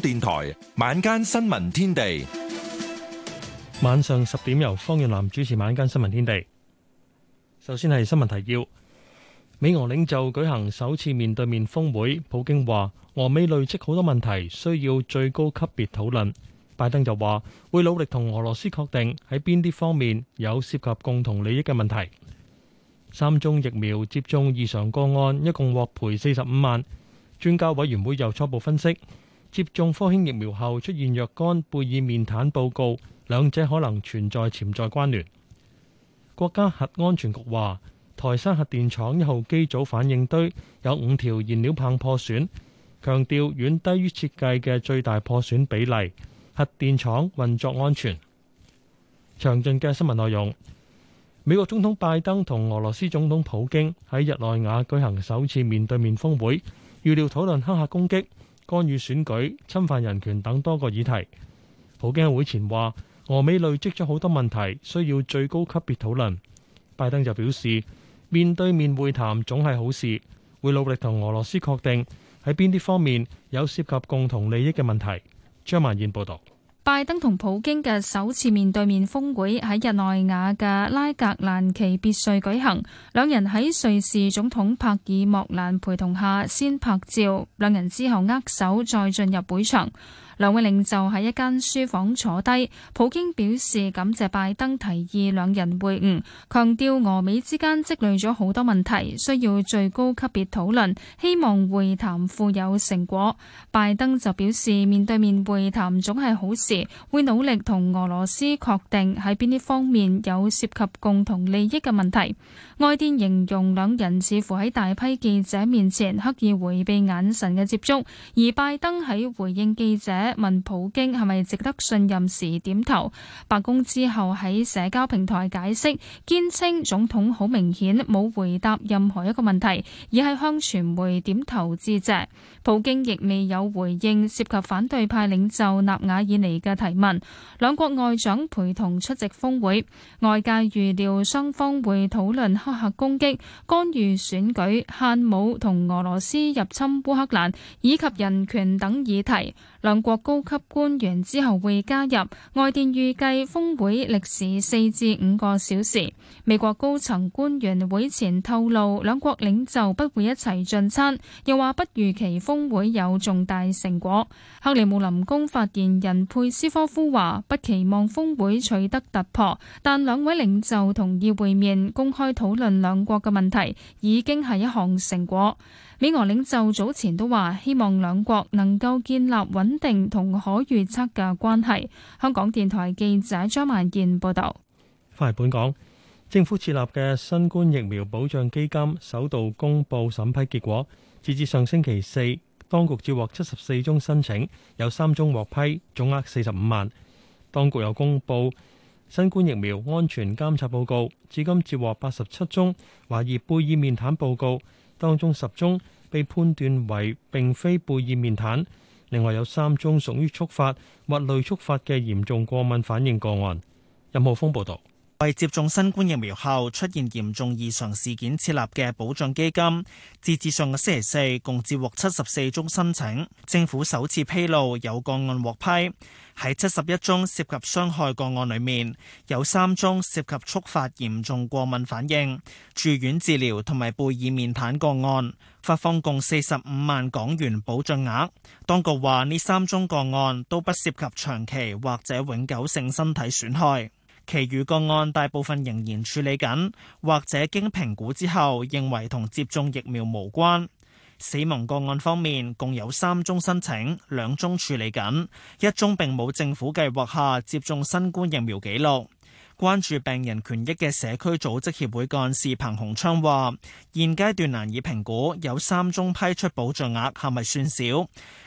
電台晚間新聞天地，晚上十點由方耀南主持。晚間新聞天地，首先係新聞提要：美俄領袖舉行首次面對面峰會，普京話俄美累積好多問題，需要最高級別討論。拜登就話會努力同俄羅斯確定喺邊啲方面有涉及共同利益嘅問題。三宗疫苗接種異常個案一共獲賠四十五萬，專家委員會又初步分析。接種科興疫苗後出現若干貝爾面癱報告，兩者可能存在潛在關聯。國家核安全局話，台山核電廠一號機組反應堆有五條燃料棒破損，強調遠低於設計嘅最大破損比例，核電廠運作安全。詳盡嘅新聞內容。美國總統拜登同俄羅斯總統普京喺日內瓦舉行首次面對面峰會，預料討論黑客攻擊。干預選舉、侵犯人權等多個議題，普京會前話俄美累積咗好多問題，需要最高級別討論。拜登就表示，面對面會談總係好事，會努力同俄羅斯確定喺邊啲方面有涉及共同利益嘅問題。張曼燕報導。拜登同普京嘅首次面對面峰會喺日內瓦嘅拉格蘭奇別墅舉行，兩人喺瑞士總統帕爾莫蘭陪同下先拍照，兩人之後握手，再進入會場。兩位領袖喺一間書房坐低。普京表示感謝拜登提議兩人會晤，強調俄美之間積累咗好多問題，需要最高級別討論，希望會談富有成果。拜登就表示面對面會談總係好事，會努力同俄羅斯確定喺邊啲方面有涉及共同利益嘅問題。外電形容兩人似乎喺大批記者面前刻意迴避眼神嘅接觸，而拜登喺回應記者問普京係咪值得信任時點頭，白宮之後喺社交平台解釋，堅稱總統好明顯冇回答任何一個問題，而係向傳媒點頭致謝。普京亦未有回應涉及反對派領袖納瓦爾尼嘅提問。兩國外長陪同出席峰會，外界預料雙方會討論黑客攻擊、干預選舉、限武同俄羅斯入侵烏克蘭以及人權等議題。兩國高級官員之後會加入，外電預計峰會歷時四至五個小時。美國高層官員會前透露，兩國領袖不會一齊進餐，又話不預期峰會有重大成果。克里姆林宮發言人佩斯科夫話：不期望峰會取得突破，但兩位領袖同意會面、公開討論兩國嘅問題，已經係一項成果。美俄領袖早前都話希望兩國能夠建立穩定同可預測嘅關係，香港電台記者張萬燕報道。翻嚟本港，政府設立嘅新冠疫苗保障基金首度公佈審批結果，截至上星期四，當局接獲七十四宗申請，有三宗獲批，總額四十五萬，當局又公佈新冠疫苗安全監察報告，至今接獲八十七宗懷疑貝爾面癱報告。當中十宗被判斷為並非貝爾面癱，另外有三宗屬於觸發或類觸發嘅嚴重過敏反應個案。任浩峰報導。為接種新冠疫苗後出現嚴重異常事件設立嘅保障基金，截至上個星期四，共接獲七十四宗申請。政府首次披露有個案獲批。喺七十一宗涉及傷害個案裏面，有三宗涉及觸發嚴重過敏反應、住院治療同埋貝爾面癱個案，發放共四十五萬港元保障額。當局話呢三宗個案都不涉及長期或者永久性身體損害。其餘個案大部分仍然處理緊，或者經評估之後認為同接種疫苗無關。死亡個案方面，共有三宗申請，兩宗處理緊，一宗並冇政府計劃下接種新冠疫苗記錄。關注病人權益嘅社區組織協會幹事彭洪昌話：現階段難以評估有三宗批出保障額係咪算少。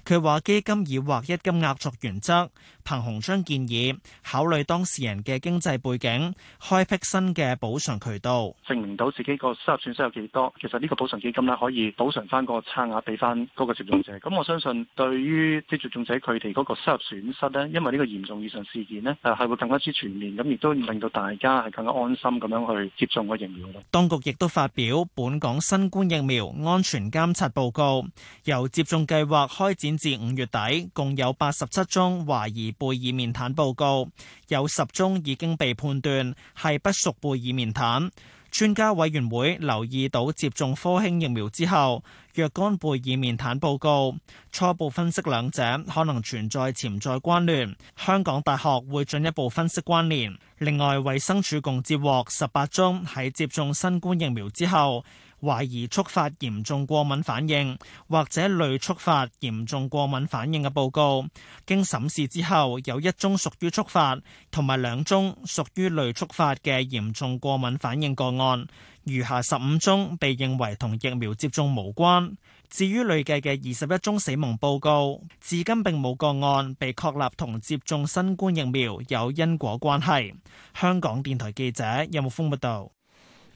佢話基金以劃一金額作原則。彭洪章建議考慮當事人嘅經濟背景，開闢新嘅補償渠道，證明到自己個收入損失有幾多。其實呢個補償基金呢，可以補償翻個差額俾翻嗰個接種者。咁我相信，對於啲接種者佢哋嗰個收入損失呢，因為呢個嚴重異常事件呢，係會更加之全面，咁亦都令到大家係更加安心咁樣去接種個疫苗咯。當局亦都發表本港新冠疫苗安全監察報告，由接種計劃開展至五月底，共有八十七宗懷疑。貝爾面癱報告有十宗已經被判斷係不屬貝爾面癱，專家委員會留意到接種科興疫苗之後若干貝爾面癱報告，初步分析兩者可能存在潛在關聯，香港大學會進一步分析關聯。另外，衛生署共接獲十八宗喺接種新冠疫苗之後，懷疑觸發嚴重過敏反應或者類觸發嚴重過敏反應嘅報告，經審視之後，有一宗屬於觸發，同埋兩宗屬於類觸發嘅嚴重過敏反應個案，餘下十五宗被認為同疫苗接種無關。至於累計嘅二十一宗死亡報告，至今並冇個案被確立同接種新冠疫苗有因果關係。香港電台記者任木峰報道。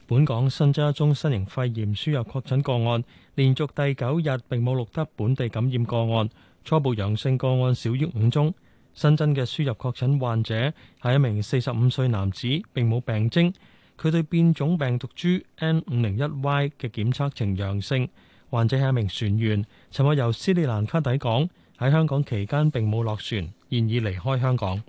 本港新增一宗新型肺炎輸入確診個案，連續第九日並冇錄得本地感染個案，初步陽性個案少於五宗。新增嘅輸入確診患者係一名四十五歲男子，並冇病徵。佢對變種病毒株 N 五零一 Y 嘅檢測呈陽性。患者係一名船員，尋日由斯里蘭卡抵港，喺香港期間並冇落船，現已離開香港。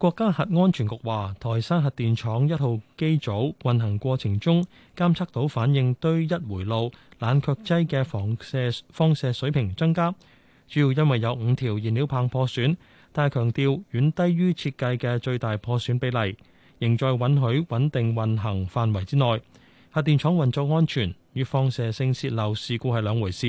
國家核安全局話，台山核電廠一號機組運行過程中，監測到反應堆一回路冷卻劑嘅放射放射水平增加，主要因為有五條燃料棒破損，但係強調遠低於設計嘅最大破損比例，仍在允許穩定運行範圍之內。核電廠運作安全與放射性泄漏事故係兩回事。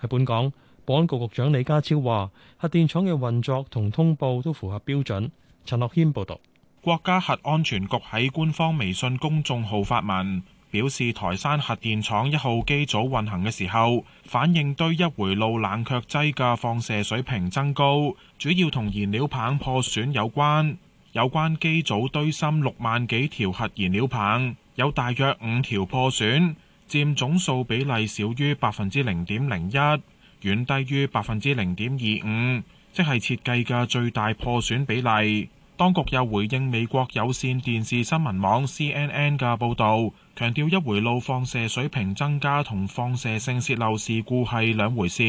喺本港，保安局局長李家超話，核電廠嘅運作同通報都符合標準。陳樂謙報道，國家核安全局喺官方微信公眾號發文，表示台山核電廠一號機組運行嘅時候，反應堆一回路冷卻劑嘅放射水平增高，主要同燃料棒破損有關。有關機組堆芯六萬幾條核燃料棒，有大約五條破損，占總數比例少於百分之零點零一，遠低於百分之零點二五。即係設計嘅最大破損比例。當局又回應美國有線電視新聞網 C N N 嘅報導，強調一回路放射水平增加同放射性洩漏事故係兩回事。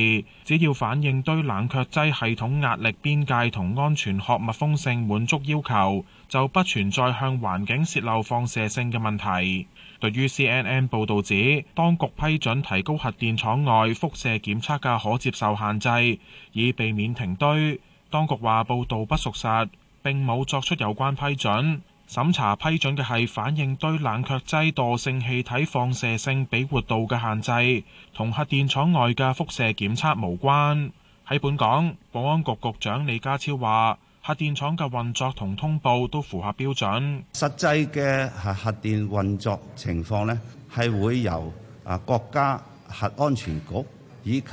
只要反應堆冷卻劑系統壓力邊界同安全殼密封性滿足要求，就不存在向環境洩漏放射性嘅問題。對於 CNN 報道指，當局批准提高核電廠外輻射檢測嘅可接受限制，以避免停堆。當局話報導不屬實，並冇作出有關批准。審查批准嘅係反應堆冷卻劑惰性氣體放射性比活度嘅限制，同核電廠外嘅輻射檢測無關。喺本港，保安局局長李家超話。核電廠嘅運作同通報都符合標準。實際嘅核核電運作情況呢，係會由啊國家核安全局以及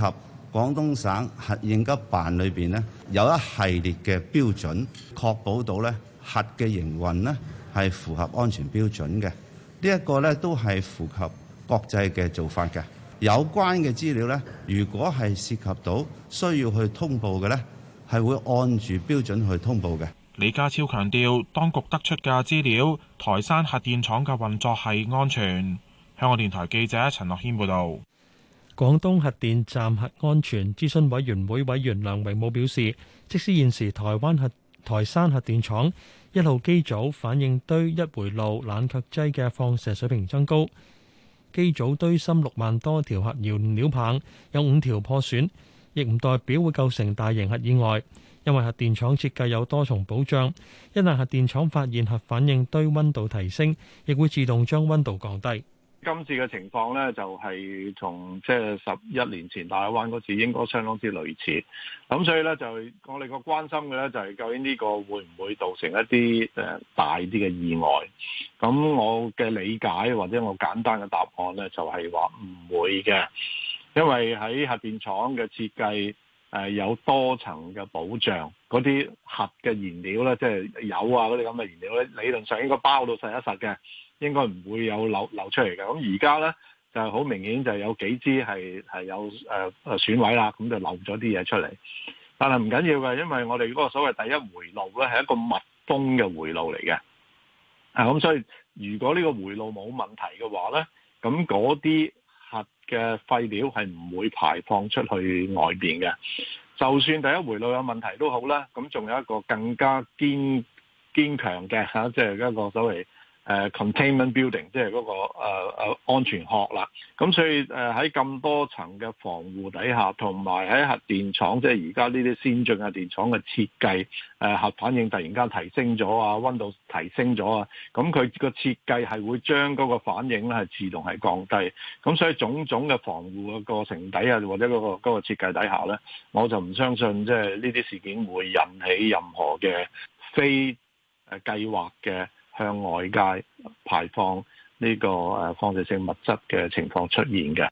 廣東省核應急辦裏邊呢，有一系列嘅標準，確保到呢核嘅營運呢，係符合安全標準嘅。呢一個呢，都係符合國際嘅做法嘅。有關嘅資料呢，如果係涉及到需要去通報嘅呢。係會按住標準去通報嘅。李家超強調，當局得出嘅資料，台山核電廠嘅運作係安全。香港電台記者陳樂軒報導。廣東核電站核安全諮詢委員會委員梁榮武表示，即使現時台灣核台山核電廠一號機組反應堆一回路冷卻劑嘅放射水平增高，機組堆芯六萬多條核燃料棒有五條破損。亦唔代表會構成大型核意外，因為核電廠設計有多重保障。一旦核電廠發現核反應堆溫度提升，亦會自動將溫度降低。今次嘅情況呢，就係從即係十一年前大灣嗰次，應該相當之類似。咁所以呢，就我哋個關心嘅呢，就係究竟呢個會唔會造成一啲誒大啲嘅意外？咁我嘅理解或者我簡單嘅答案呢，就係話唔會嘅。因為喺核電廠嘅設計誒、呃、有多層嘅保障，嗰啲核嘅燃料咧，即係鈾啊嗰啲咁嘅燃料咧，理論上應該包到實一實嘅，應該唔會有漏流，流出嚟嘅。咁而家咧就係好明顯就有幾支係係有誒誒、呃、損毀啦，咁就漏咗啲嘢出嚟。但係唔緊要嘅，因為我哋嗰個所謂第一回路咧係一個密封嘅回路嚟嘅。啊、嗯，咁所以如果呢個回路冇問題嘅話咧，咁嗰啲。核嘅廢料係唔會排放出去外邊嘅，就算第一回路有問題都好啦。咁仲有一個更加堅堅強嘅嚇，即 係一個所謂。誒、呃、containment building，即係嗰、嗰個誒、呃啊、安全殼啦。咁所以誒喺咁多層嘅防護底下，同埋喺核電廠，即係而家呢啲先進嘅電廠嘅設計，誒、呃、核反應突然間提升咗啊，溫度提升咗啊，咁佢個設計係會將嗰個反應咧係自動係降低。咁所以種種嘅防護個過程底下，或者嗰、嗰個嗰、嗰個設計底下咧，我就唔相信即係呢啲事件會引起任何嘅非誒計劃嘅。向外界排放呢個誒放射性物質嘅情況出現嘅。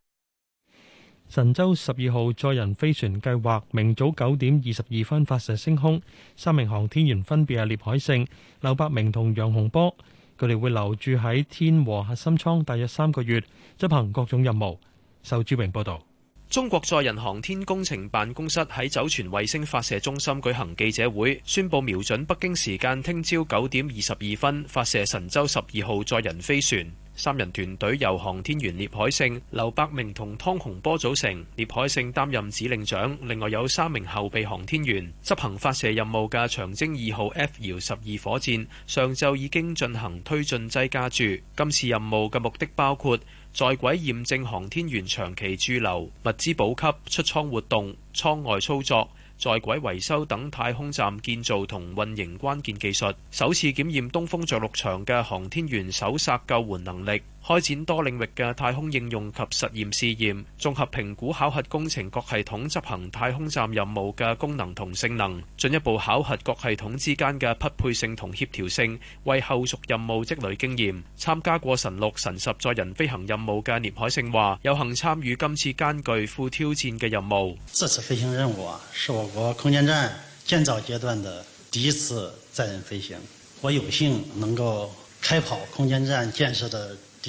神舟十二號載人飛船計劃明早九點二十二分發射升空，三名航天員分別係聶海勝、劉伯明同湯洪波，佢哋會留住喺天和核心艙大約三個月，執行各種任務。受朱榮報道。中國載人航天工程辦公室喺酒泉衛星發射中心舉行記者會，宣布瞄準北京時間聽朝九點二十二分發射神舟十二號載人飛船。三人團隊由航天員聶海勝、劉伯明同湯洪波組成，聶海勝擔任指令長，另外有三名後備航天員。執行發射任務嘅長征二號 F 遙十二火箭上晝已經進行推進劑加注。今次任務嘅目的包括，在軌驗證航天員長期駐留、物資補給、出艙活動、艙外操作、在軌維修等太空站建造同運營關鍵技術，首次檢驗東風着陸場嘅航天員搜索救援能力。開展多領域嘅太空應用及實驗試驗，綜合評估考核工程各系統執行太空站任務嘅功能同性能，進一步考核各系統之間嘅匹配性同協調性，為後續任務積累經驗。參加過神六、神十載人飛行任務嘅聶海勝話有幸參與今次艱鉅富挑戰嘅任務。這次飛行任務啊，是我國空間站建造階段嘅第一次載人飛行，我有幸能夠開跑空間站建設嘅，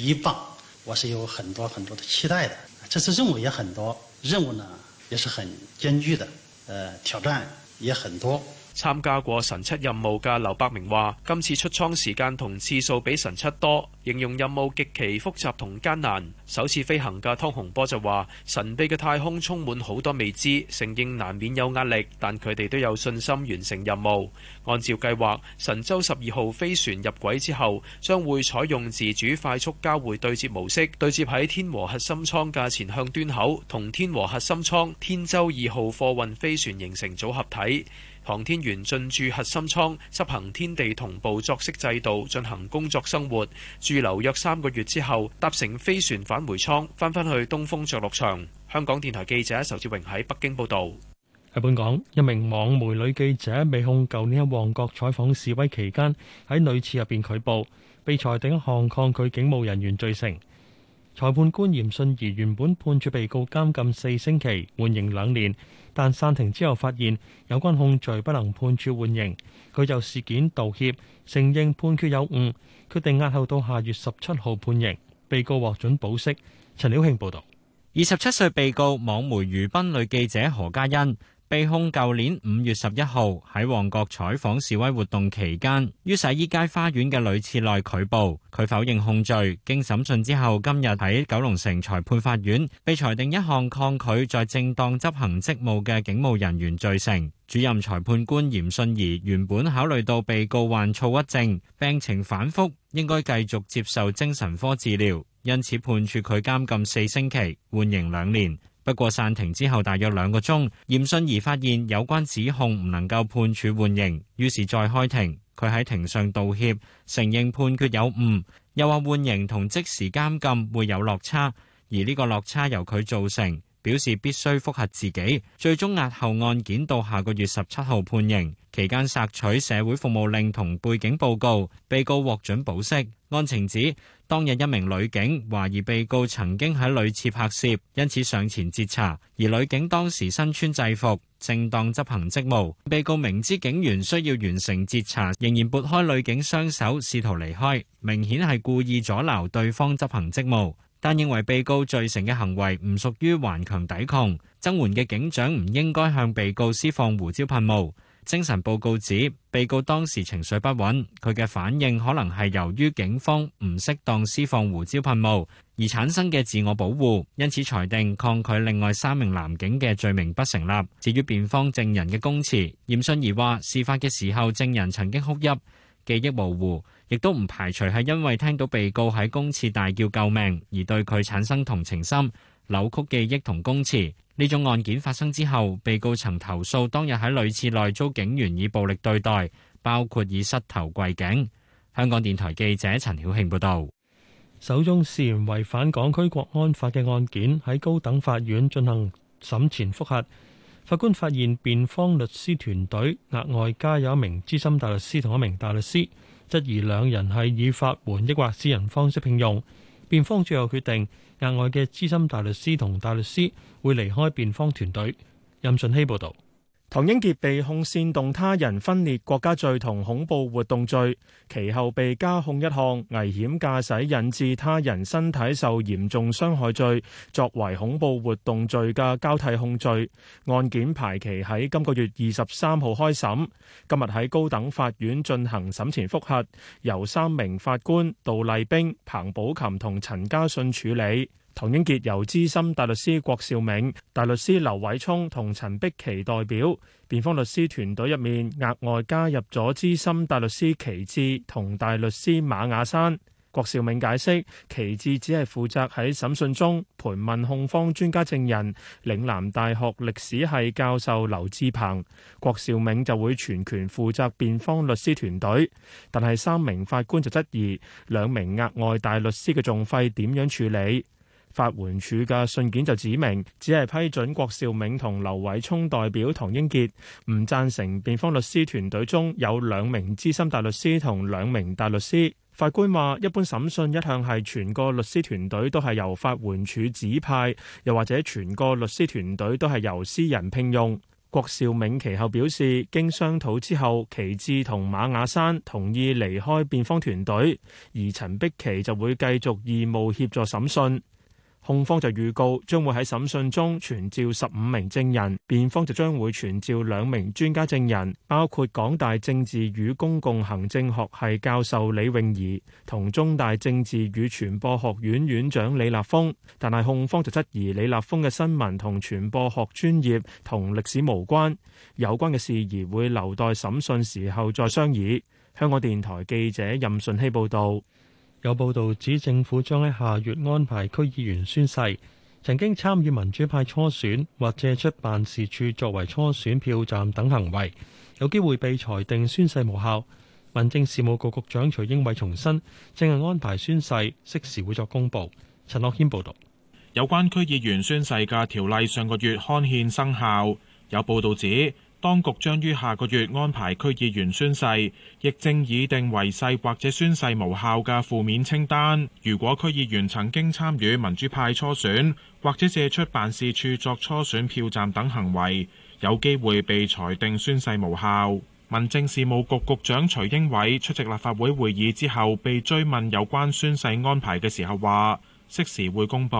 一棒，我是有很多很多的期待的。這次任務也很多，任務呢也是很艱巨的，呃，挑戰也很多。參加過神七任務嘅劉伯明話：今次出艙時間同次數比神七多，形容任務極其複雜同艱難。首次飛行嘅湯洪波就話：神秘嘅太空充滿好多未知，承認難免有壓力，但佢哋都有信心完成任務。按照計劃，神舟十二號飛船入軌之後，將會採用自主快速交會對接模式，對接喺天和核心艙嘅前向端口，同天和核心艙、天舟二號貨運飛船形成組合體。航天員進駐核心艙，執行天地同步作息制度，進行工作生活。駐留約三個月之後，搭乘飛船返回艙，翻返去東風着陸場。香港電台記者仇志榮喺北京報道。喺本港，一名網媒女記者被控舊年喺旺角採訪示威期間喺女廁入邊拒捕，被裁定一項抗拒警務人員罪成。裁判官嚴信儀原本判處被告監禁四星期，緩刑兩年。但散庭之後，發現有關控罪不能判處緩刑，佢就事件道歉，承認判決有誤，決定押後到下月十七號判刑。被告獲准保釋。陳曉慶報導，二十七歲被告網媒魚賓類記者何嘉欣。被控舊年五月十一號喺旺角採訪示威活動期間，於洗衣街花園嘅女廁內拒捕。佢否認控罪，經審訊之後，今日喺九龍城裁判法院被裁定一項抗拒在正當執行職務嘅警務人員罪成。主任裁判官嚴信儀原本考慮到被告患躁鬱症，病情反覆，應該繼續接受精神科治療，因此判處佢監禁四星期，緩刑兩年。不過，散庭之後大約兩個鐘，嚴信義發現有關指控唔能夠判處緩刑，於是再開庭。佢喺庭上道歉，承認判決有誤，又話緩刑同即時監禁會有落差，而呢個落差由佢造成，表示必須複核自己。最終押後案件到下個月十七號判刑，期間索取社會服務令同背景報告。被告獲准保釋。案情指，當日一名女警懷疑被告曾經喺類似拍攝，因此上前截查。而女警當時身穿制服，正當執行職務。被告明知警員需要完成截查，仍然撥開女警雙手，試圖離開，明顯係故意阻撓對方執行職務。但認為被告罪成嘅行為唔屬於頑強抵抗，增援嘅警長唔應該向被告施放胡椒噴霧。精神報告指，被告當時情緒不穩，佢嘅反應可能係由於警方唔適當施放胡椒噴霧而產生嘅自我保護，因此裁定抗拒另外三名男警嘅罪名不成立。至於辯方證人嘅供詞，嚴信怡話，事發嘅時候證人曾經哭泣，記憶模糊。亦都唔排除係因為聽到被告喺公廁大叫救命，而對佢產生同情心，扭曲記憶同公廁呢種案件發生之後，被告曾投訴當日喺女廁內遭警員以暴力對待，包括以膝頭跪頸。香港電台記者陳曉慶報導，首宗涉嫌違反港區國安法嘅案件喺高等法院進行審前複核，法官發現辯方律師團隊額外加有一名資深大律師同一名大律師。質疑兩人係以法援抑或私人方式聘用，辯方最後決定額外嘅資深大律師同大律師會離開辯方團隊。任信希報導。唐英傑被控煽動他人分裂國家罪同恐怖活動罪，其後被加控一項危險駕駛引致他人身體受嚴重傷害罪，作為恐怖活動罪嘅交替控罪。案件排期喺今個月二十三號開審，今日喺高等法院進行審前覆核，由三名法官杜麗冰、彭寶琴同陳嘉信處理。唐英傑由資深大律師郭兆銘、大律師劉偉聰同陳碧琪代表。辯方律師團隊入面額外加入咗資深大律師旗幟同大律師馬雅山。郭兆銘解釋，旗幟只係負責喺審訊中盤問控方專家證人嶺南大學歷史系教授劉志鵬，郭兆銘就會全權負責辯方律師團隊。但係三名法官就質疑兩名額外大律師嘅訟費點樣處理。法援署嘅信件就指明，只係批准郭兆銘同劉偉聰代表唐英傑唔讚成。辯方律師團隊中有兩名資深大律師同兩名大律師。法官話，一般審訊一向係全個律師團隊都係由法援處指派，又或者全個律師團隊都係由私人聘用。郭兆銘其後表示，經商討之後，其志同馬雅山同意離開辯方團隊，而陳碧琪就會繼續義務協助審訊。控方就預告將會喺審訊中傳召十五名證人，辯方就將會傳召兩名專家證人，包括港大政治與公共行政學系教授李泳怡同中大政治與傳播學院院長李立峰。但係控方就質疑李立峰嘅新聞同傳播學專業同歷史無關，有關嘅事宜會留待審訊時候再商議。香港電台記者任順希報道。有報道指，政府將喺下月安排區議員宣誓。曾經參與民主派初選或借出辦事處作為初選票站等行為，有機會被裁定宣誓無效。民政事務局局長徐英偉重申，正係安排宣誓，適時會作公佈。陳樂軒報導。有關區議員宣誓嘅條例上個月刊憲生效，有報道指。當局將於下個月安排區議員宣誓，亦正擬定違誓或者宣誓無效嘅負面清單。如果區議員曾經參與民主派初選或者借出辦事處作初選票站等行為，有機會被裁定宣誓無效。民政事務局局長徐英偉出席立法會會議之後，被追問有關宣誓安排嘅時候，話：即時會公布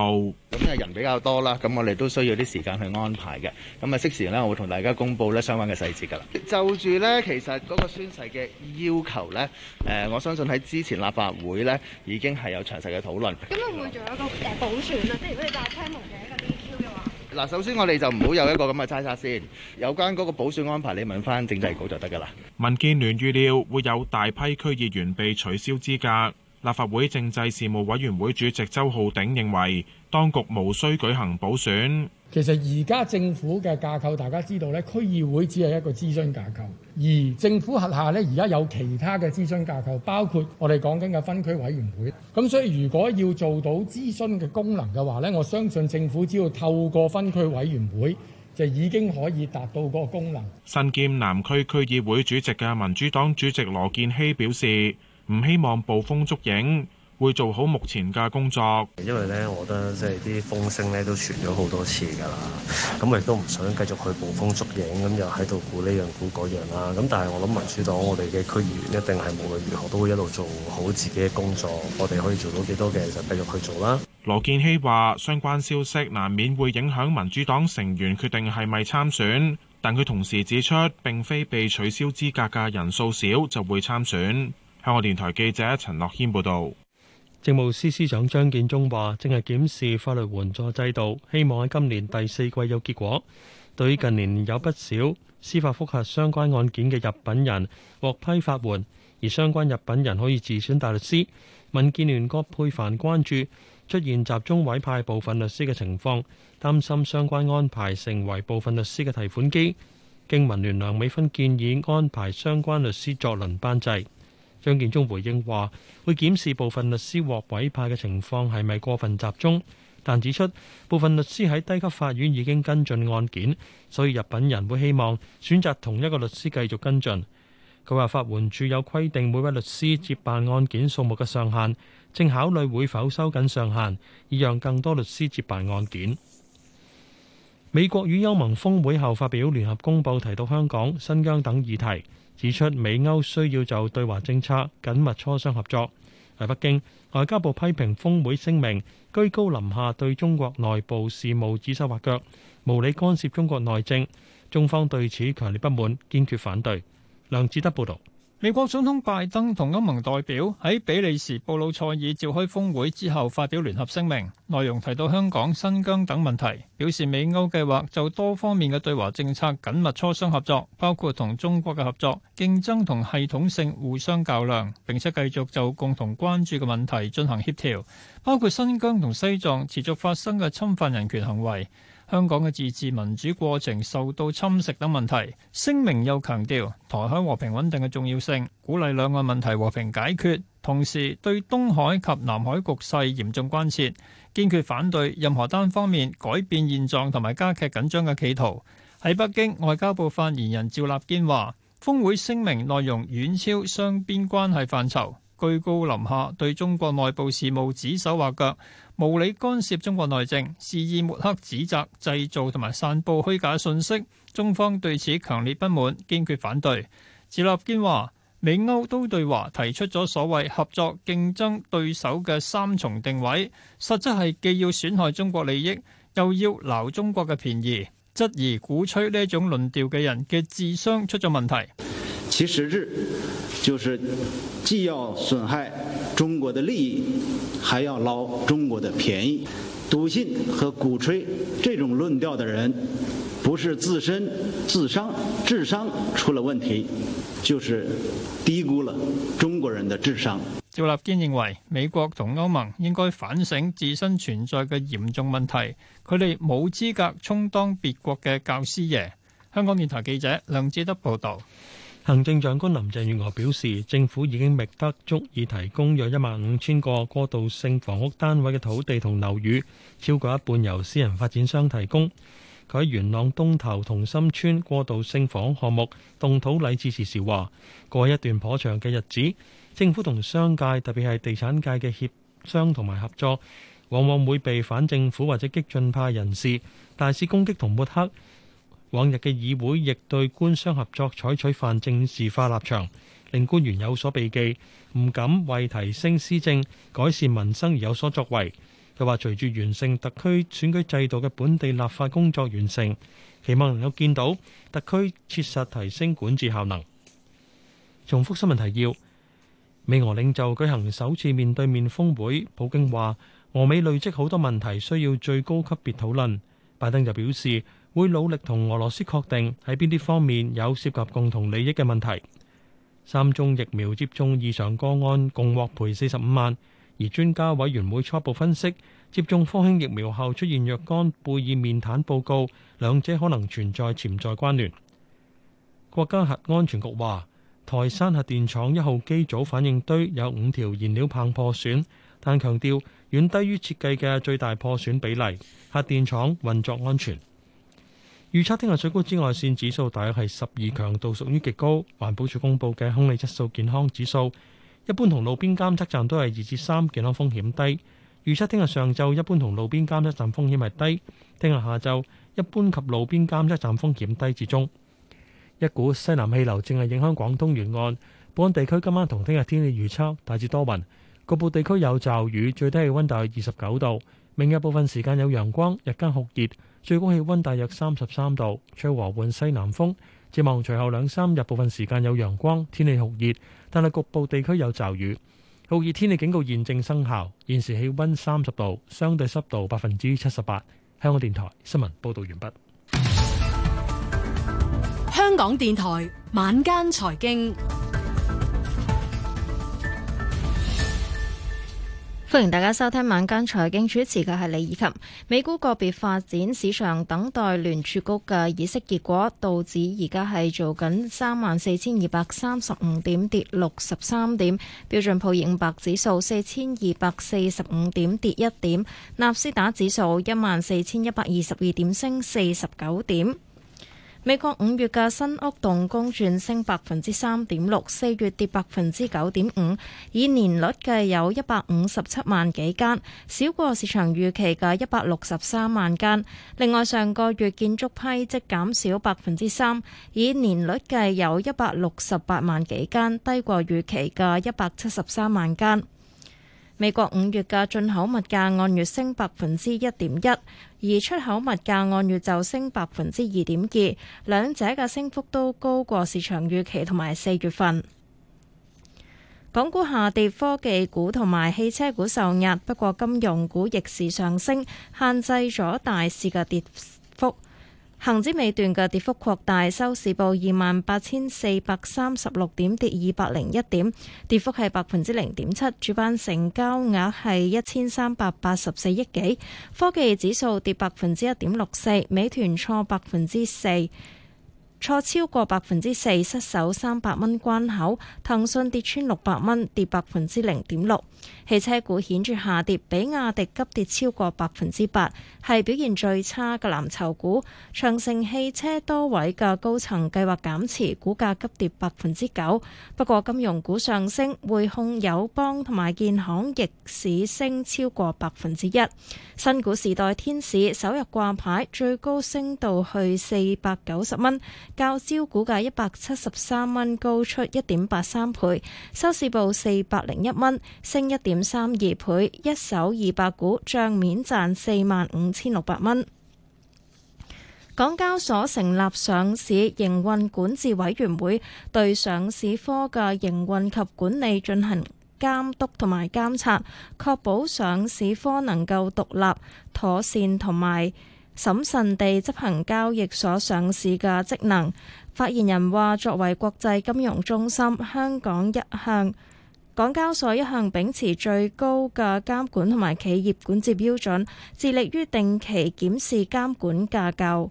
咁啊，人比較多啦，咁我哋都需要啲時間去安排嘅。咁啊，即時呢，我會同大家公布呢相關嘅細節噶啦。就住呢，其實嗰個宣誓嘅要求呢，誒，我相信喺之前立法會呢已經係有詳細嘅討論。咁會唔會做一個補選啊？即係如果你架車冇嘅咁 Q 嘅話，嗱，首先我哋就唔好有一個咁嘅猜測先。有關嗰個補選安排，你問翻政制局就得噶啦。民建聯預料會有大批區議員被取消資格。立法會政制事務委員會主席周浩鼎認為，當局無需舉行補選。其實而家政府嘅架構大家知道咧，區議會只係一個諮詢架構，而政府轄下咧，而家有其他嘅諮詢架構，包括我哋講緊嘅分區委員會。咁所以如果要做到諮詢嘅功能嘅話咧，我相信政府只要透過分區委員會就已經可以達到嗰個功能。身兼南區區議會主席嘅民主黨主席羅健熙表示。唔希望捕風捉影，會做好目前嘅工作。因為呢，我覺得即係啲風聲咧都傳咗好多次噶啦，咁亦都唔想繼續去捕風捉影，咁又喺度估呢樣估嗰樣啦。咁但係我諗民主黨我哋嘅區議員一定係無論如何都會一路做好自己嘅工作。我哋可以做到幾多嘅就繼續去做啦。羅健熙話，相關消息難免會影響民主黨成員決定係咪參選，但佢同時指出，並非被取消資格嘅人數少就會參選。香港電台記者陳諾謙報道。政務司司長張建宗話，正係檢視法律援助制度，希望喺今年第四季有結果。對於近年有不少司法覆核相關案件嘅入品人獲批法援，而相關入品人可以自選大律師。民建聯葛珮帆關注出現集中委派部分律師嘅情況，擔心相關安排成為部分律師嘅提款機。經民聯梁美芬建議安排相關律師作輪班制。張建宗回應話：會檢視部分律師獲委派嘅情況係咪過分集中，但指出部分律師喺低級法院已經跟進案件，所以入稟人會希望選擇同一個律師繼續跟進。佢話：法援處有規定每位律師接辦案件數目嘅上限，正考慮會否收緊上限，以讓更多律師接辦案件。美國與歐盟峰會後發表聯合公報，提到香港、新疆等議題。指出美歐需要就對華政策緊密磋商合作。喺北京，外交部批評峰會聲明居高臨下對中國內部事務指手畫腳，無理干涉中國內政，中方對此強烈不滿，堅決反對。梁志德報道。美國總統拜登同歐盟代表喺比利時布魯塞爾召開峰會之後發表聯合聲明，內容提到香港、新疆等問題，表示美歐計劃就多方面嘅對華政策緊密磋商合作，包括同中國嘅合作、競爭同系統性互相較量，並且繼續就共同關注嘅問題進行協調，包括新疆同西藏持續發生嘅侵犯人權行為。香港嘅自治民主過程受到侵蝕等問題，聲明又強調台海和平穩定嘅重要性，鼓勵兩岸問題和平解決，同時對東海及南海局勢嚴重關切，堅決反對任何單方面改變現狀同埋加劇緊張嘅企圖。喺北京，外交部發言人趙立堅話，峰會聲明內容遠超雙邊關係範疇，居高臨下對中國內部事務指手畫腳。無理干涉中國內政，肆意抹黑、指責、製造同埋散佈虛假信息，中方對此強烈不滿，堅決反對。趙立堅話：美歐都對華提出咗所謂合作競爭對手嘅三重定位，實質係既要損害中國利益，又要撈中國嘅便宜，質疑鼓吹呢一種論調嘅人嘅智商出咗問題。其實質就是既要損害中國的利益，還要撈中國的便宜。篤信和鼓吹這種論調的人，不是自身智商智商出了問題，就是低估了中國人的智商。趙立堅認為，美國同歐盟應該反省自身存在嘅嚴重問題，佢哋冇資格充當別國嘅教師爺。香港電台記者梁志德報道。行政長官林鄭月娥表示，政府已經覓得足以提供約一萬五千個過渡性房屋單位嘅土地同樓宇，超過一半由私人發展商提供。佢喺元朗東頭同心村過渡性房項目動土禮致詞時話：過一段頗長嘅日子，政府同商界特別係地產界嘅協商同埋合作，往往會被反政府或者激進派人士大肆攻擊同抹黑。往日嘅議會亦對官商合作採取泛政治化立場，令官員有所避忌，唔敢為提升施政、改善民生而有所作為。佢話：隨住完成特區選舉制度嘅本地立法工作完成，期望能夠見到特區切實提升管治效能。重複新聞提要：美俄領袖舉行首次面對面峰會，普京話俄美累積好多問題需要最高級別討論，拜登就表示。會努力同俄羅斯確定喺邊啲方面有涉及共同利益嘅問題。三宗疫苗接種異常個案共獲賠四十五萬，而專家委員會初步分析，接種科興疫苗後出現若干貝爾面癱報告，兩者可能存在潛在關聯。國家核安全局話，台山核電廠一號機組反應堆有五條燃料棒破損，但強調遠低於設計嘅最大破損比例，核電廠運作安全。預測聽日最高紫外綫指數大約係十二，強度屬於極高。環保署公布嘅空氣質素健康指數，一般同路邊監測站都係二至三，健康風險低。預測聽日上晝一般同路邊監測站風險係低，聽日下晝一般及路邊監測站風險低至中。一股西南氣流正係影響廣東沿岸，本地區今晚同聽日天氣預測大致多雲，局部地區有驟雨，最低氣溫大約二十九度。明日部分時間有陽光，日間酷熱。最高氣溫大約三十三度，吹和緩西南風。展望隨後兩三日，部分時間有陽光，天氣酷熱，但係局部地區有驟雨。酷熱天氣警告現正生效。現時氣溫三十度，相對濕度百分之七十八。香港電台新聞報道完畢。香港電台晚間財經。歡迎大家收聽晚間財經，主持嘅係李以琴。美股個別發展，市場等待聯儲局嘅議息結果，道指而家係做緊三萬四千二百三十五點，跌六十三點；標準普爾五百指數四千二百四十五點，跌一點；納斯達指數一萬四千一百二十二點，升四十九點。美國五月嘅新屋動工轉升百分之三點六，四月跌百分之九點五，以年率計有一百五十七萬幾間，少過市場預期嘅一百六十三萬間。另外上個月建築批則減少百分之三，以年率計有一百六十八萬幾間，低過預期嘅一百七十三萬間。美國五月嘅進口物價按月升百分之一點一，而出口物價按月就升百分之二點二，兩者嘅升幅都高過市場預期同埋四月份。港股下跌，科技股同埋汽車股受壓，不過金融股逆市上升，限制咗大市嘅跌幅。恒指尾段嘅跌幅擴大，收市報二萬八千四百三十六點，跌二百零一點，跌幅係百分之零點七。主板成交額係一千三百八十四億幾。科技指數跌百分之一點六四，美團挫百分之四，挫超過百分之四，失守三百蚊關口。騰訊跌穿六百蚊，跌百分之零點六。汽車股顯著下跌，比亞迪急跌超過百分之八，係表現最差嘅藍籌股。長城汽車多位嘅高層計劃減持，股價急跌百分之九。不過金融股上升，匯控、友邦同埋建行逆市升超過百分之一。新股時代天使首日掛牌，最高升到去四百九十蚊，較招股價一百七十三蚊高出一點八三倍，收市報四百零一蚊，升一點三二倍，一手二百股，賬面賺四萬五千六百蚊。港交所成立上市營運管治委員會，對上市科嘅營運及管理進行監督同埋監察，確保上市科能夠獨立、妥善同埋審慎地執行交易所上市嘅職能。發言人話，作為國際金融中心，香港一向。港交所一向秉持最高嘅監管同埋企業管治標準，致力於定期檢視監管架構。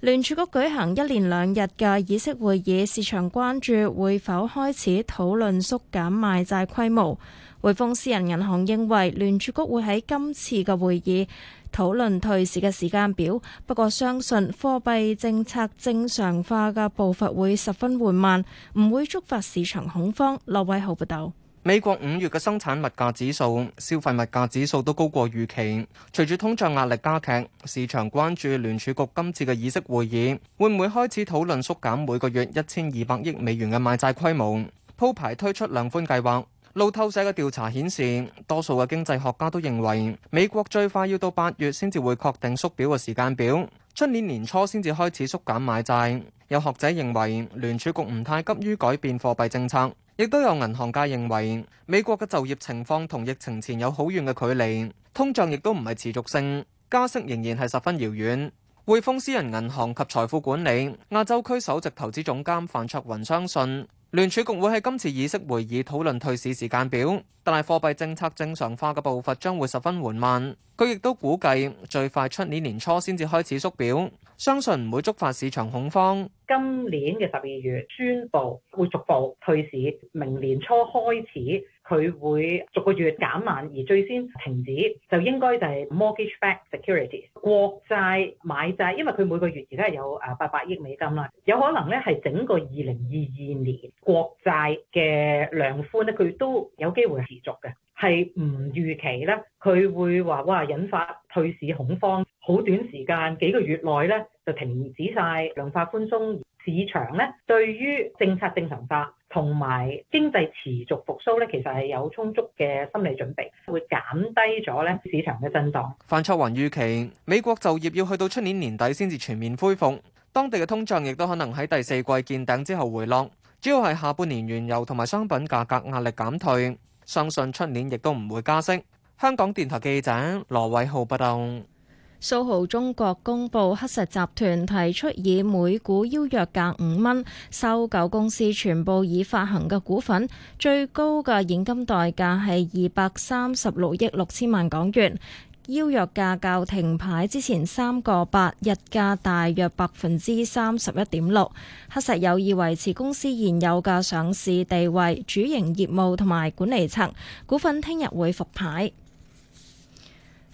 聯儲局舉行一連兩日嘅議息會議，市場關注會否開始討論縮減賣債規模。匯豐私人銀行認為聯儲局會喺今次嘅會議。討論退市嘅時間表，不過相信貨幣政策正常化嘅步伐會十分緩慢，唔會觸發市場恐慌。羅偉豪報導。美國五月嘅生產物價指數、消費物價指數都高過預期，隨住通脹壓力加劇，市場關注聯儲局今次嘅議息會議會唔會開始討論縮減每個月一千二百億美元嘅買債規模，鋪排推出量寬計劃。路透社嘅調查顯示，多數嘅經濟學家都認為美國最快要到八月先至會確定縮表嘅時間表，出年年初先至開始縮減買債，有學者認為聯儲局唔太急於改變貨幣政策，亦都有銀行家認為美國嘅就業情況同疫情前有好遠嘅距離，通脹亦都唔係持續性，加息仍然係十分遙遠，匯豐私人銀行及財富管理亞洲區首席投資總監范卓雲相信。聯儲局會喺今次議息會議討論退市時間表，但係貨幣政策正常化嘅步伐將會十分緩慢。佢亦都估計最快出年年初先至開始縮表，相信唔會觸發市場恐慌。今年嘅十二月宣佈會逐步退市，明年初開始。佢會逐個月減慢，而最先停止就應該就係 mortgage-backed securities 國債買債，因為佢每個月而家有誒八百億美金啦，有可能咧係整個二零二二年國債嘅量寬咧，佢都有機會持續嘅，係唔預期咧佢會話哇引發退市恐慌，好短時間幾個月內咧就停止晒量化寬鬆，市場咧對於政策正常化，同埋經濟持續復甦咧，其實係有充足嘅心理準備，會減低咗咧市場嘅震盪。范卓雲預期美國就業要去到出年年底先至全面恢復，當地嘅通脹亦都可能喺第四季見頂之後回落，主要係下半年原油同埋商品價格壓力減退，相信出年亦都唔會加息。香港電台記者羅偉浩報道。蘇豪中國公布，黑石集團提出以每股邀約價五蚊收購公司全部已發行嘅股份，最高嘅現金代價係二百三十六億六千萬港元。邀約價較停牌之前三個八日價大約百分之三十一點六。黑石有意維持公司現有嘅上市地位、主營業務同埋管理層，股份聽日會復牌。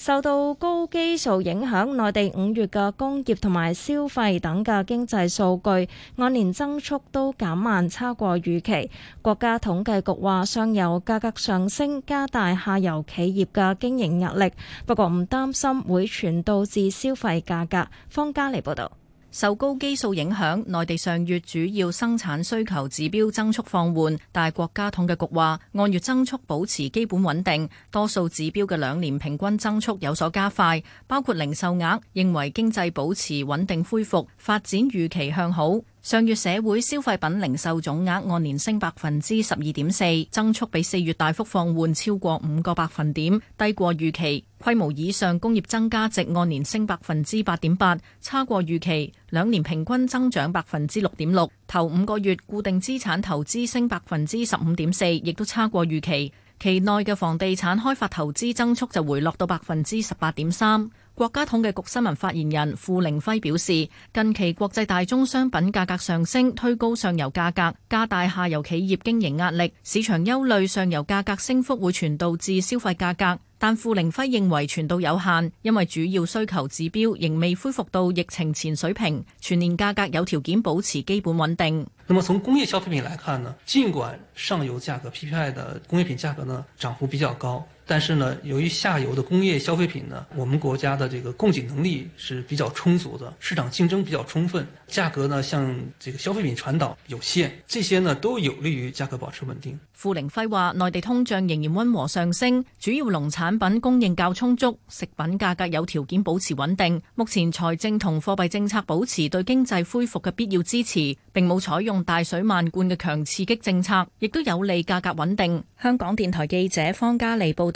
受到高基數影響，內地五月嘅工業同埋消費等嘅經濟數據按年增速都減慢，超過預期。國家統計局話，上游價格上升加大下游企業嘅經營壓力，不過唔擔心會傳導至消費價格。方嘉莉報導。受高基數影響，內地上月主要生產需求指標增速放緩，但國家統計局話，按月增速保持基本穩定，多數指標嘅兩年平均增速有所加快，包括零售額，認為經濟保持穩定恢復，發展預期向好。上月社會消費品零售總額按年升百分之十二點四，增速比四月大幅放緩超過五個百分點，低過預期。規模以上工業增加值按年升百分之八點八，差過預期。兩年平均增長百分之六點六。頭五個月固定資產投資升百分之十五點四，亦都差過預期。期內嘅房地產開發投資增速就回落到百分之十八點三。國家統計局新聞發言人傅凌輝表示，近期國際大宗商品價格上升，推高上游價格，加大下游企業經營壓力。市場憂慮上游價格升幅會傳導至消費價格，但傅凌輝認為傳導有限，因為主要需求指標仍未恢復到疫情前水平，全年價格有條件保持基本穩定。那麼從工業消費品來看呢？盡管上游價格 PPI 嘅工業品價格呢漲幅比較高。但是呢，由於下游的工業消費品呢，我們國家的這個供給能力是比較充足的，市場競爭比較充分，價格呢，向這個消費品傳導有限，這些呢都有利於價格保持穩定。付凌暉話：內地通脹仍然溫和上升，主要農產品供應較充足，食品價格有條件保持穩定。目前財政同貨幣政策保持對經濟恢復嘅必要支持，並冇採用大水漫灌嘅強刺激政策，亦都有利價格穩定。香港電台記者方嘉莉報。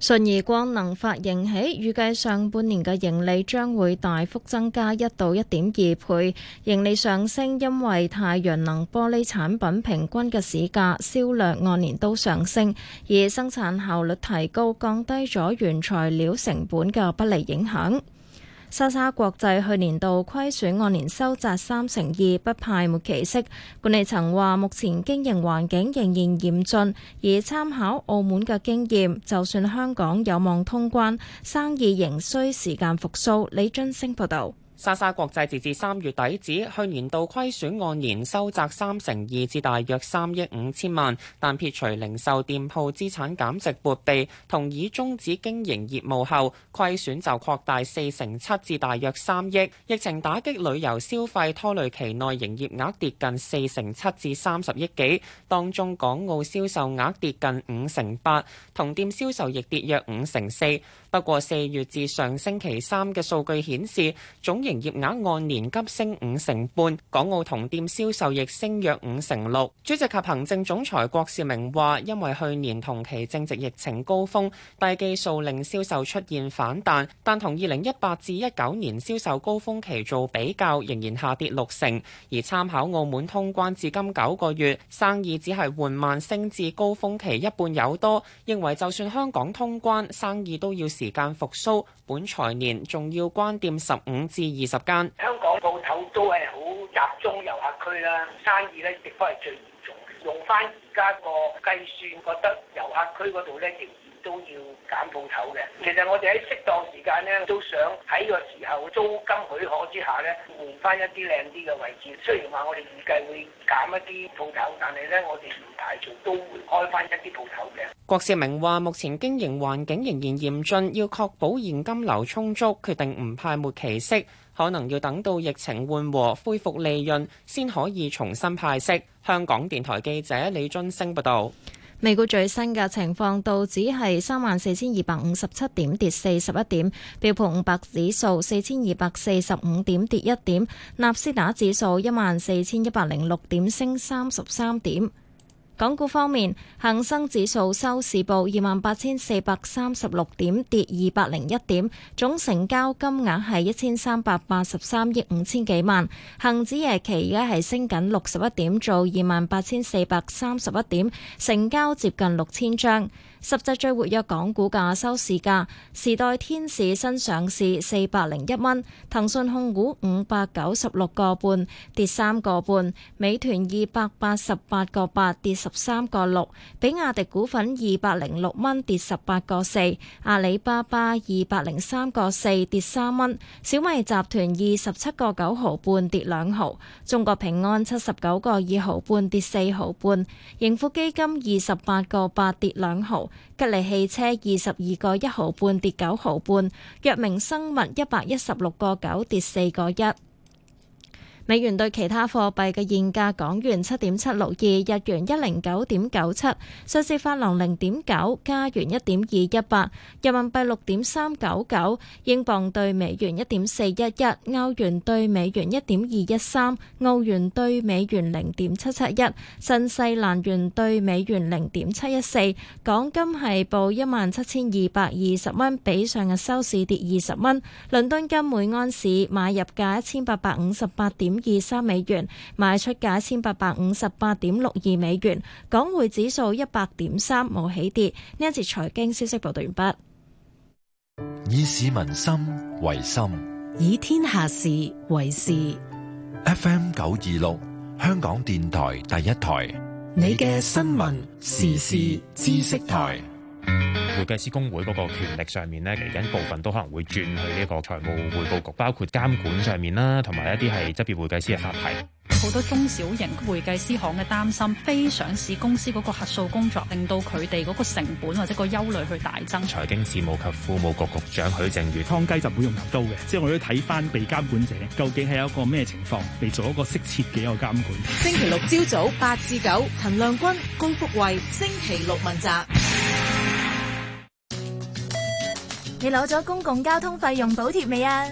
信義光能發盈喜，預計上半年嘅盈利將會大幅增加一到一點二倍。盈利上升，因為太陽能玻璃產品平均嘅市價、銷量按年都上升，而生產效率提高，降低咗原材料成本嘅不利影響。莎莎國際去年度虧損按年收窄三成二，不派末期息。管理層話：目前經營環境仍然嚴峻，而參考澳門嘅經驗，就算香港有望通關，生意仍需時間復甦。李津升報道。莎莎國際截至三月底止，去年度虧損按年收窄三成二至大約三億五千萬，但撇除零售店鋪資產減值撥備同已終止經營業務後，虧損就擴大四成七至大約三億。疫情打擊旅遊消費，拖累期內營業額跌近四成七至三十億幾，當中港澳銷售額跌近五成八，同店銷售亦跌，跌約五成四。不過四月至上星期三嘅數據顯示，總營業額按年急升五成半，港澳同店銷售亦升約五成六。主席及行政總裁郭少明話，因為去年同期正值疫情高峰，低基數令銷售出現反彈，但同二零一八至一九年銷售高峰期做比較，仍然下跌六成。而參考澳門通關至今九個月，生意只係緩慢升至高峰期一半有多，認為就算香港通關，生意都要少。時間復蘇，本財年仲要關店十五至二十間。香港鋪頭都係好集中遊客區啦，生意咧亦都係最嚴重嘅。用翻而家個計算，覺得遊客區嗰度咧。都要減鋪頭嘅，其實我哋喺適當時間呢，都想喺個時候租金許可之下呢，換翻一啲靚啲嘅位置。雖然話我哋預計會減一啲鋪頭，但係呢，我哋唔排除都會開翻一啲鋪頭嘅。郭少明話：目前經營環境仍然嚴峻，要確保現金流充足，決定唔派末期息，可能要等到疫情緩和、恢復利潤，先可以重新派息。香港電台記者李俊升報導。美股最新嘅情況，道指係三萬四千二百五十七點，跌四十一點；標普五百指數四千二百四十五點，跌一點；納斯達指數一萬四千一百零六點，升三十三點。港股方面，恒生指數收市報二萬八千四百三十六點，跌二百零一點，總成交金額係一千三百八十三億五千幾萬，恒指夜期而家係升緊六十一點做二萬八千四百三十一點，成交接近六千張。十隻最活躍港股價收市價，時代天使新上市四百零一蚊，騰訊控股五百九十六個半跌三個半，美團二百八十八個八跌十三個六，比亞迪股份二百零六蚊跌十八個四，阿里巴巴二百零三個四跌三蚊，小米集團二十七個九毫半跌兩毫，中國平安七十九個二毫半跌四毫半，盈富基金二十八個八跌兩毫。吉利汽車二十二個一毫半跌九毫半，藥明生物一百一十六個九跌四個一。美元兌其他貨幣嘅現價：港元七點七六二，日元一零九點九七，瑞士法郎零點九，加元一點二一八，人民幣六點三九九，英鎊對美元一點四一一，歐元對美元一點二一三，澳元對美元零點七七一，新西蘭元對美元零點七一四。港金係報一萬七千二百二十蚊，比上日收市跌二十蚊。倫敦金每安士買入價一千八百五十八點。二三美元賣出價一千八百五十八點六二美元，港匯指數一百點三冇起跌。呢一節財經消息報道完畢。以市民心為心，以天下事為事。FM 九二六，香港電台第一台，你嘅新聞時事知識台。嗯會計師公會嗰個權力上面咧，其實一部分都可能會轉去呢個財務匯報局，包括監管上面啦，同埋一啲係執業會計師嘅法題。好多中小型會計師行嘅擔心，非上市公司嗰個核數工作，令到佢哋嗰個成本或者個憂慮去大增。財經事務及庫務局局長許正宇：湯雞就唔會用牛刀嘅，即係我要睇翻被監管者究竟係有一個咩情況，嚟做一個適切嘅一個監管星 9,。星期六朝早八至九，陳亮君、高福慧，星期六問責。你攞咗公共交通費用補貼未啊？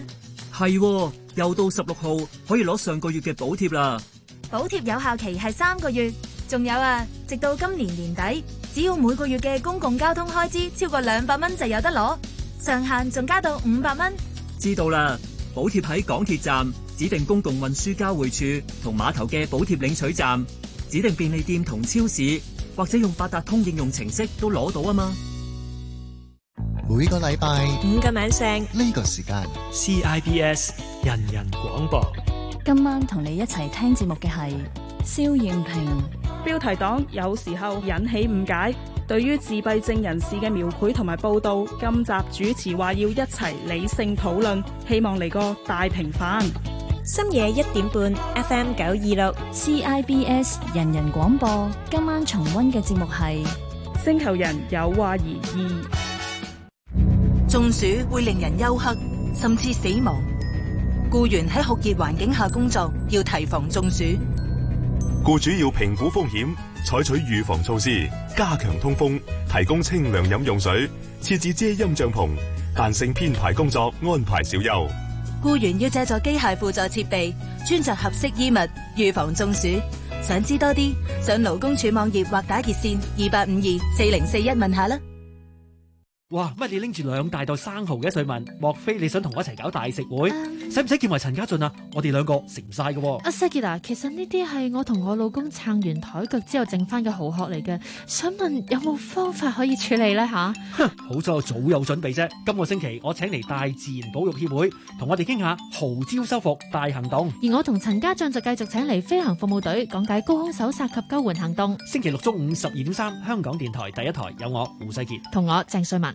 係喎，又到十六號可以攞上個月嘅補貼啦。補貼有效期係三個月，仲有啊，直到今年年底，只要每個月嘅公共交通開支超過兩百蚊就有得攞，上限仲加到五百蚊。知道啦，補貼喺港鐵站指定公共運輸交匯處同碼頭嘅補貼領取站，指定便利店同超市，或者用八達通應用程式都攞到啊嘛。每個禮拜五個名姓呢個時間 CIBS 人人廣播，今晚同你一齊聽節目嘅係蕭燕萍。標題黨有時候引起誤解，對於自閉症人士嘅描繪同埋報道，今集主持話要一齊理性討論，希望嚟個大平反。深夜一點半，FM 九二六 CIBS 人人廣播，今晚重溫嘅節目係《星球人有話而言》。中暑會令人休克，甚至死亡。僱員喺酷熱環境下工作，要提防中暑。僱主要評估風險，採取預防措施，加強通風，提供清涼飲用水，設置遮陰帳篷，彈性編排工作，安排小休。僱員要借助機械輔助設備，穿着合適衣物，預防中暑。想知多啲，上勞工處網、網頁或打熱線二八五二四零四一問下啦。哇！乜你拎住兩大袋生蠔嘅？瑞文，莫非你想同我一齊搞大食會？使唔使叫埋陳家俊啊？我哋兩個食唔晒嘅。阿、啊、世杰嗱、啊，其實呢啲係我同我老公撐完台腳之後剩翻嘅蠔殼嚟嘅，想問有冇方法可以處理呢？吓，哼，好彩我早有準備啫。今個星期我請嚟大自然保育協會同我哋傾下蠔礁修復大行動。而我同陳家俊就繼續請嚟飛行服務隊講解高空搜查及救援行動。星期六中午十二點三，3，香港電台第一台有我胡世杰同我鄭瑞文。